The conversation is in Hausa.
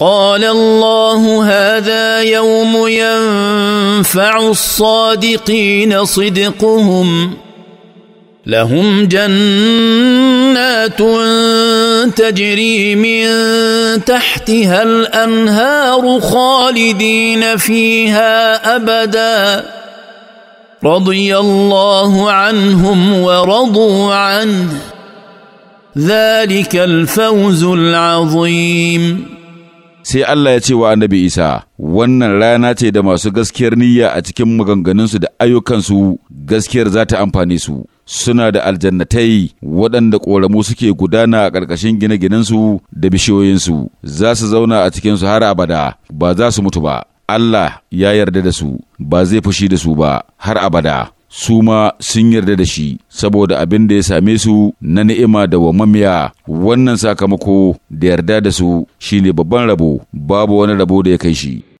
قال الله هذا يوم ينفع الصادقين صدقهم لهم جنات تجري من تحتها الانهار خالدين فيها ابدا رضي الله عنهم ورضوا عنه ذلك الفوز العظيم sai Allah ya ce wa annabi Isa, Wannan rana ce da masu gaskiyar niyya a cikin maganganunsu da ayyukansu gaskiyar za ta amfane su. Suna da aljannatai waɗanda ƙoramu suke gudana a ƙarƙashin gine-ginensu da bishiyoyinsu, za su zauna a cikinsu har abada, ba za su mutu ba. Allah ya yarda da su, ba zai fushi da su ba, har abada. su ma sun yarda da shi saboda abin da ya same su na ni'ima da wa mamiya wannan sakamako da yarda da su shine babban rabo babu wani rabo da ya kai shi